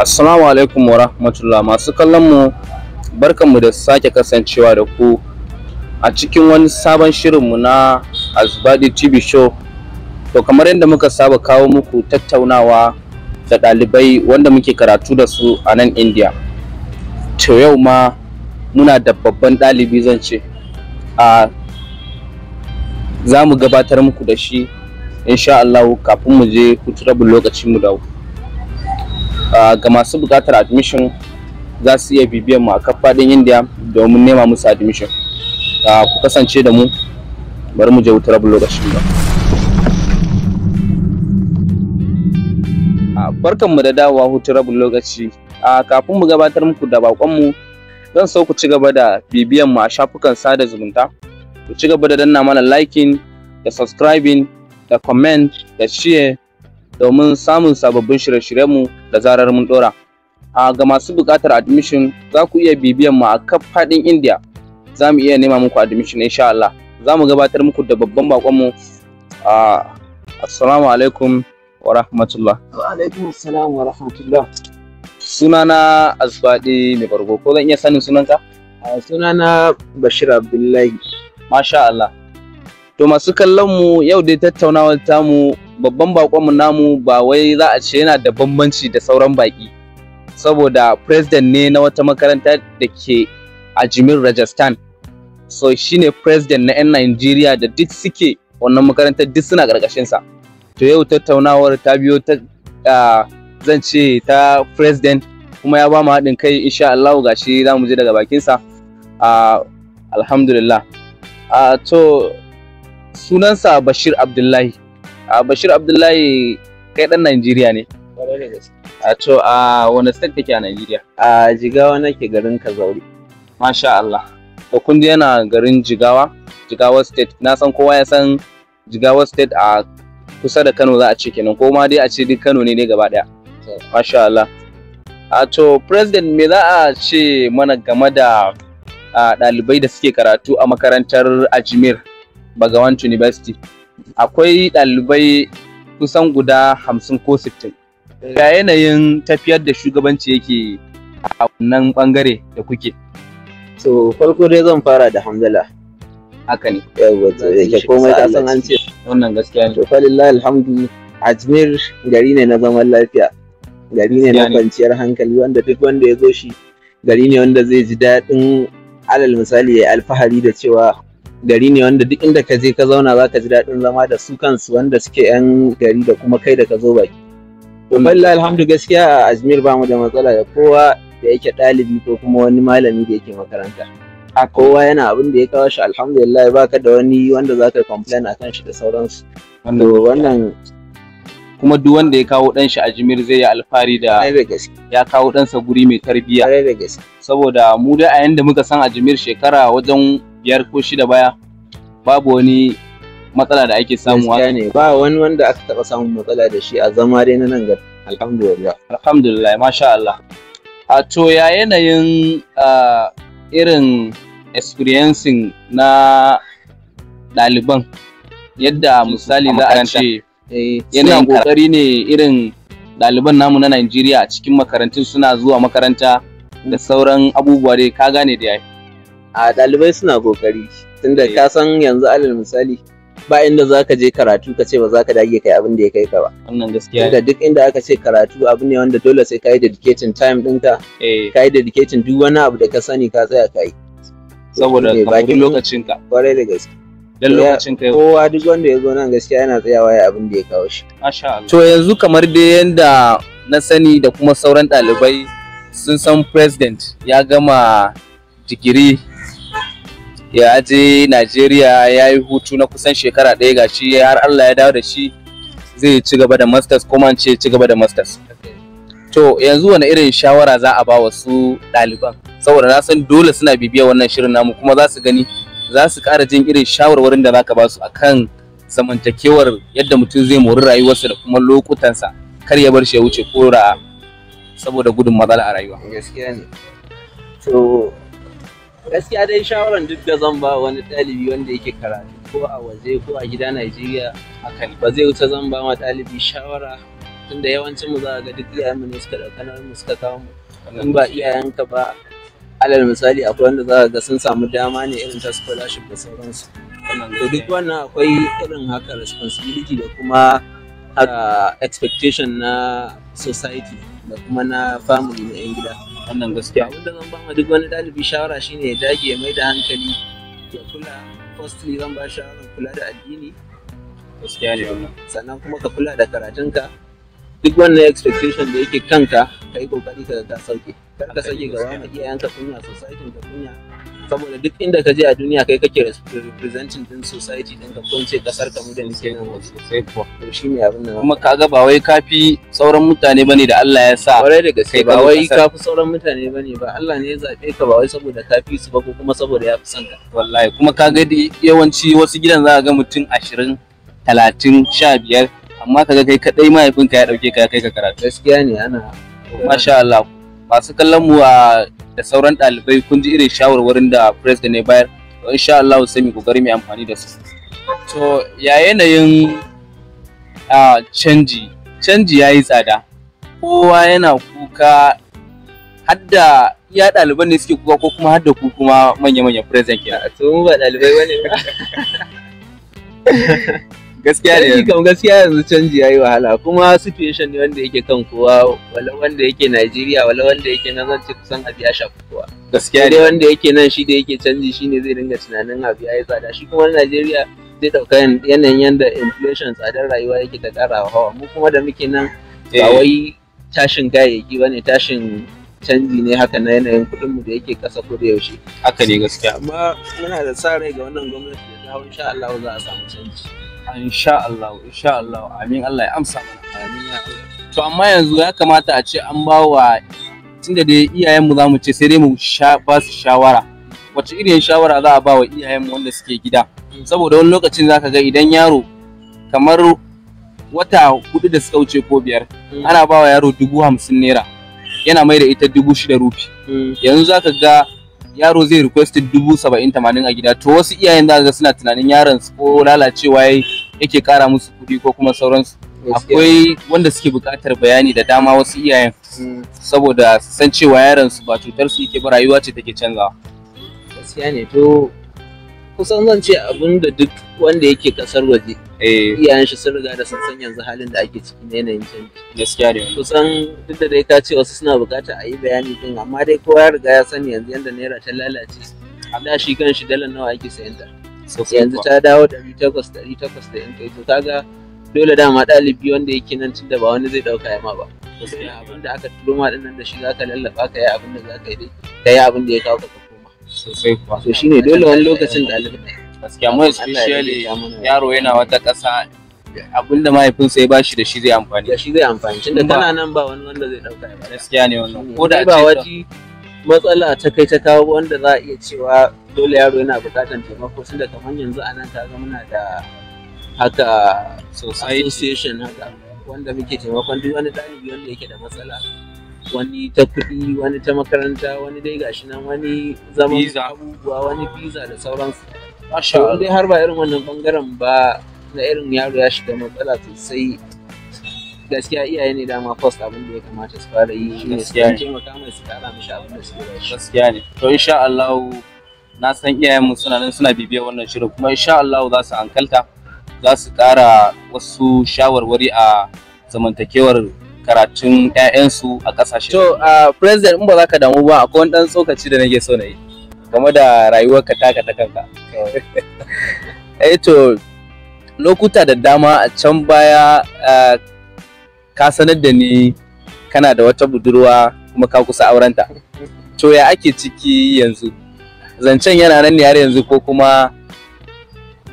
Assalamu alaikum wa rahmatullah masu kallon mu barkanmu da sake kasancewa da ku a cikin wani sabon shirin mu na Azbadi TV show to kamar yadda muka saba kawo muku tattaunawa da ɗalibai wanda muke karatu da su a nan India to yau ma muna da babban ɗalibi zan ce a za mu gabatar muku da shi insha Allah kafin mu je hutu lokacin lokaci mu dawo Ah, ga masu buƙatar admission za su iya bibiyan mu a kafaɗin indiya domin nema musu admission ah, ku kasance da mu bari mu je wutar lokacin ba ah, barkan mu da dawowa hutun rabin lokaci a kafin mu gabatar muku da bakon mu zan so ku ci gaba da bibiyan mu a shafukan sada zumunta ku ci gaba da danna mana liking da subscribing da comment da share domin samun sababbin shirye-shiryenmu da zarar mun ɗora. A ga masu buƙatar admission za ku iya bibiyan mu a kan faɗin India. Za mu iya nema muku admission insha Allah. Za mu gabatar muku da babban baƙonmu. Assalamu alaikum wa rahmatullah. Wa alaikum assalam wa rahmatullah. Sunana Azbaɗi mai bargo ko zan iya sanin sunanka? Sunana Bashir Abdullahi. Masha Allah. To masu kallon mu yau dai tattaunawar tamu babban bakonmu namu ba wai za a ce yana da bambanci da sauran baki saboda president ne na wata makaranta da ke a jimin rajasthan so shine president na 'yan najeriya da duk suke wannan makarantar duk suna ƙarƙashinsa to yau tattaunawar ta biyo ta zan ce ta president kuma ya ba mu haɗin kai insha Allah gashi za mu je daga bakinsa alhamdulillah to sunansa bashir abdullahi a bashir abdullahi kai dan najeriya ne a to a wani state kake a najeriya a jigawa nake garin kazauri masha allah to kun yana garin jigawa jigawa state na san kowa ya san jigawa state a kusa da kano za a ce kenan ko ma dai a ce kano ne ne gaba daya masha allah a to president me za a ce mana game da ɗalibai da suke karatu a makarantar ajmer bagawan university akwai ɗalibai kusan guda hamsin ko sittin ga yanayin tafiyar da shugabanci yake a wannan bangare da kuke so farko dai zan fara da hamdala haka ne yawa to yake komai ka san an ce wannan gaskiya ne to falillahi alhamdu ajmir gari ne na zaman lafiya gari ne na kwanciyar hankali wanda duk wanda ya zo shi gari ne wanda zai ji daɗin alal misali ya alfahari da cewa gari ne wanda duk inda ka je ka zauna za ka ji daɗin zama da su kansu wanda suke 'yan gari da kuma kai da ka zo baki. To alhamdu gaskiya a Ajmer ba mu da matsala da kowa da yake ɗalibi ko kuma wani malami da yake makaranta. A kowa yana abin da ya kawo shi alhamdulillah ba ka da wani wanda za ka complain a kan shi da sauransu. wannan kuma duk wanda ya kawo ɗan shi Ajmer zai yi alfahari da ya kawo ɗansa guri mai tarbiyya. Saboda mu da a yanda muka san Ajmer shekara wajen biyar ko shida baya babu wani matsala da ake samu gaskiya ne ba wani wanda aka taba samun matsala da shi a zama dai na nan ga alhamdulillah alhamdulillah masha Allah a to ya yanayin irin experiencing na ɗaliban yadda misali za a ce eh, yana kokari ne irin ɗaliban namu na Najeriya cikin makarantun suna zuwa makaranta da sauran abubuwa dai ka gane da yayi a ɗalibai suna kokari tunda ka san yanzu alal misali ba inda za ka je karatu ka ce ba za ka dage kai abin da ya kai ka ba. Wannan gaskiya. Da duk inda aka ce karatu abu ne wanda dole sai ka yi dedicating time ɗinka. Eh. Ka yi dedicating duk wani abu da ka sani ka tsaya ka yi. Saboda bakin lokacinka. Kwarai da gaske. Dan lokacin ka. Kowa duk wanda ya zo nan gaskiya yana tsayawa ya abin da ya kawo shi. Masha Allah. To yanzu kamar dai yanda na sani da kuma sauran ɗalibai sun san president ya gama digiri ya je Najeriya ya yi hutu na kusan shekara ɗaya ga shi har Allah ya dawo da shi zai ci gaba da masters kuma an ce ci gaba da masters. To yanzu wani irin shawara za a ba wa su ɗaliban saboda na san dole suna bibiya wannan shirin namu kuma za su gani za su ƙara jin irin shawarwarin da zaka ba su akan zamantakewar yadda mutum zai mori rayuwarsa da kuma lokutansa kar ya bar shi ya wuce ko ra'a, saboda gudun matsala a rayuwa. Gaskiya ne. To gaskiya dai shawaran duk da zan ba wani ɗalibi wanda yake karatu ko a waje ko a gida Najeriya hakan ba zai wuce zan ba ma ɗalibi shawara tunda yawancin mu za ga duk iyayenmu ne suka ɗauka nauyin mu suka kawo mu in ba iyayenka ba alal misali akwai wanda za ga sun samu dama ne irin ta scholarship da sauransu to duk wannan akwai irin haka responsibility da kuma expectation na society da kuma na family na 'yan gida. wannan gaskiya abin zan ba ma duk wani ɗalibi shawara shine ya dage ya mai da hankali ya kula firstly zan ba shawara kula da addini gaskiya ne sannan kuma ka kula da karatunka duk wannan expectation da yake kanka ka yi kokari ka ga ka sauke ka sake gaba ka iyayenka kunya society da kunya saboda duk inda ka je a duniya kai kake representing din society din ka kunce kasar ka mu da nake nan sosai kuwa to shine abin nan kuma kaga ba wai kafi sauran mutane bane da Allah ya sa kwarai da gaske ba wai kafi sauran mutane bane ba Allah ne ya zabe ka ba wai saboda kafi su ba ko kuma saboda ya fi son ka wallahi kuma kaga yawanci wasu gidan za ga mutum 20 talatin sha biyar amma kaga kai kadai mahaifinka ya dauke ka kai ka karatu gaskiya ne ana masha Allah masu kallon mu ah, da sauran ɗalibai kun ji irin shawarwarin da press ne bayar to insha Allah sai mu kokari mu amfani da su to ya yanayin ah, canji canji ya yi tsada kowa yana kuka hadda ya ɗaliban ne suke kuka ko kuma hadda ku kuma manya manya president kenan to mu ba ɗalibai bane ba gaskiya ne kam gaskiya yanzu canji yayi wahala kuma situation ne wanda yake kan kowa wala wanda yake Najeriya wala wanda yake nan zan ce kusan abi ya shafi kowa gaskiya ne. wanda yake nan shi da yake canji shine zai dinga tunanin abi yayi tsada shi kuma Najeriya zai dauka yanayin yanda inflation tsadar rayuwa yake ta karawa hawa mu kuma da muke nan ba eh. wai tashin gayyaki bane tashin canji ne haka na yanayin kuɗin mu da yake ƙasa ko da yaushe. Haka ne gaskiya. Amma muna da sa rai ga wannan gwamnati da ta hau insha Allah za a samu canji. insha Allah insha Allah amin Allah ya amsa mana amin ya to amma yanzu ya kamata a ce an ba wa tunda dai iyayen mu zamu ce sai dai mu sha ba su shawara wace irin shawara za a ba wa iyayen mu wanda suke gida saboda wani lokacin zaka ga idan yaro kamar wata hudu da suka wuce ko biyar mm. ana ba wa yaro dubu hamsin naira yana mai da ita dubu shida rufi mm. yanzu zaka ga yaro zai requestin dubu saba'in tamanin a gida to wasu iyayen za ga suna tunanin yaron su ko lalacewa yake kara musu kuɗi ko kuma sauransu akwai wanda suke buƙatar bayani da dama wasu iyayen mm. saboda san cewa yaron su ba cutar su yake ba rayuwa ce take canzawa gaskiya ne to kusan zan ce abun da duk wanda yake kasar waje eh. iyayen shi sun riga da sansan san yanzu halin da ake ciki na yanayin canji gaskiya ne kusan duk da dai ka ce wasu suna bukata a yi bayani din amma dai kowa ya riga ya sani yanzu yanda naira ta lalace da shi kan shi dalar nawa ake sayan ta yanzu ta dawo ɗari takwas ɗari takwas da yan kai to kaga dole dama ɗalibi wanda yake nan tunda ba wani zai ɗauka ya ma ba abin da aka turo ma ɗin nan da shi zaka lallaba ka yi abin da zaka yi dai ka yi abin da ya kawo ka sosai kuwa to shine dole wani lokacin da gaskiya mu especially yaro yana wata ƙasa abin da mahaifinsa ya bashi da shi zai amfani da shi zai amfani tunda tana nan ba wani wanda zai dauka ba gaskiya ne wannan ko da ba waje matsala ta kai ta kawo wanda za a iya cewa dole yaro yana buƙatar taimako tunda kamar yanzu a nan ta ga muna da haka association haka wanda muke taimakon duk wani ɗalibi wanda yake da matsala wani ta kuɗi wani ta makaranta wani dai gashi nan wani zaman abubuwa wani visa da sauransu to dai har ba irin wannan bangaren ba na irin yaro ya shiga matsala sosai gaskiya iyaye ne dama first abin da ya kamata su fara yi shi ne su taimaka mai su kara mishi abin da suke da gaskiya ne to insha Allah na san iyayen mu suna nan suna bibiyar wannan shirin kuma insha Allah za su ankalta za su kara wasu shawarwari a zamantakewar karatun 'ya'yansu a ƙasashe. To, President in ba za ka damu ba akwai wani ɗan tsokaci da nake so na yi game da rayuwar ka taka ta kanka. Eh to, lokuta da dama a can baya ka sanar da ni kana da wata budurwa kuma ka kusa aurenta. To ya ake ciki yanzu? Zancen yana nan ne har yanzu ko kuma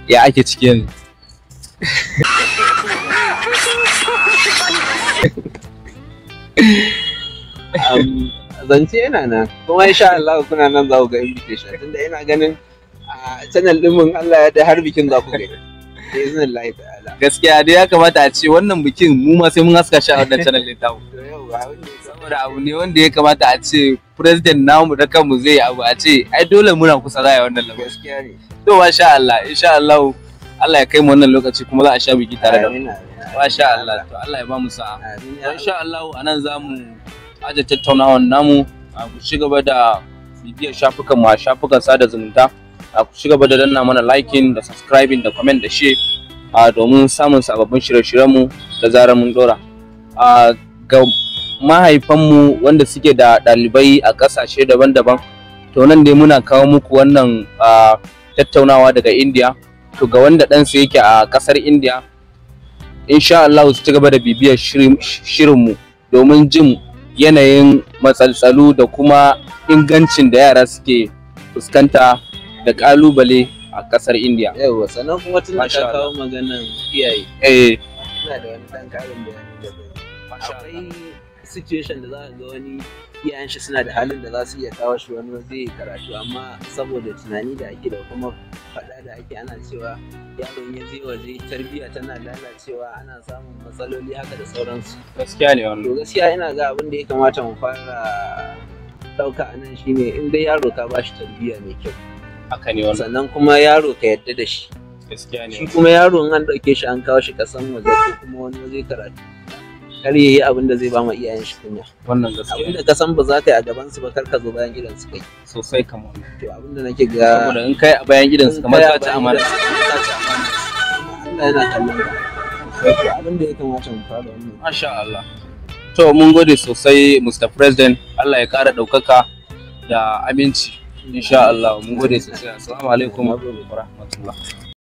ya ake ciki yanzu? zance yana nan kuma insha Allah kuna nan za ku ga invitation tunda ina ganin a channel din mun Allah ya da har bikin za ku ga da izinin Allah ta'ala gaskiya dai ya kamata a ce wannan bikin mu ma sai mun haska shi a wannan channel din tawo saboda abu ne wanda ya kamata a ce president namu da kanmu zai abu a ce ai dole muna kusa yi wannan lamarin gaskiya ne to masha Allah insha Allah Allah ya kai mu wannan lokaci kuma za a sha biki tare da mu masha Allah to Allah ya ba mu sa'a insha Allah nan za mu aje tattaunawar namu a ku ci gaba da bibiyar shafukan mu a shafukan sada zumunta a ku ci gaba da danna mana liking da subscribing da comment da share a domin samun sababbin shirye-shiryen mu da zarar mun dora a ga mahaifanmu wanda suke da ɗalibai a kasashe daban-daban to nan dai muna kawo muku wannan tattaunawa daga India to ga wanda ɗansu yake a kasar India insha Allah su ci gaba da bibiyar shirinmu domin jin yanayin matsaltsalu da kuma ingancin da yara suke fuskanta da kalubale a ƙasar India. yawa sannan kuma tun da ka kawo maganan iyaye. Eh. Ina da wani ɗan ƙarin bayani da situation da za ka ga wani iyayen shi suna da halin da za su iya kawo shi wani waje karatu amma saboda tunani da ake da kuma faɗa da ake ana cewa yaron ya je waje tarbiyya tana lalacewa ana samun matsaloli haka da sauransu gaskiya ne wannan to gaskiya ina ga abin da ya kamata mu fara ɗauka a nan shine in dai yaro ka ba shi tarbiyya mai kyau haka ne wannan sannan kuma yaro ka yadda da shi gaskiya ne shi kuma yaro in an ɗauke shi an kawo shi ƙasan waje ko kuma wani waje karatu kar yi abin da zai ba ma iyayen shi kunya wannan gaskiya abin da ka san ba za ka yi a gaban su ba kar ka zo bayan gidan su kai sosai kamar to abin da nake ga saboda in kai a bayan gidan su kamar ka ci amana Allah yana kallon ka abin da ya kamata mu fara wannan masha Allah to mun gode sosai Mr President Allah ya kara daukaka da aminci insha Allah mun gode sosai assalamu alaikum wa rahmatullah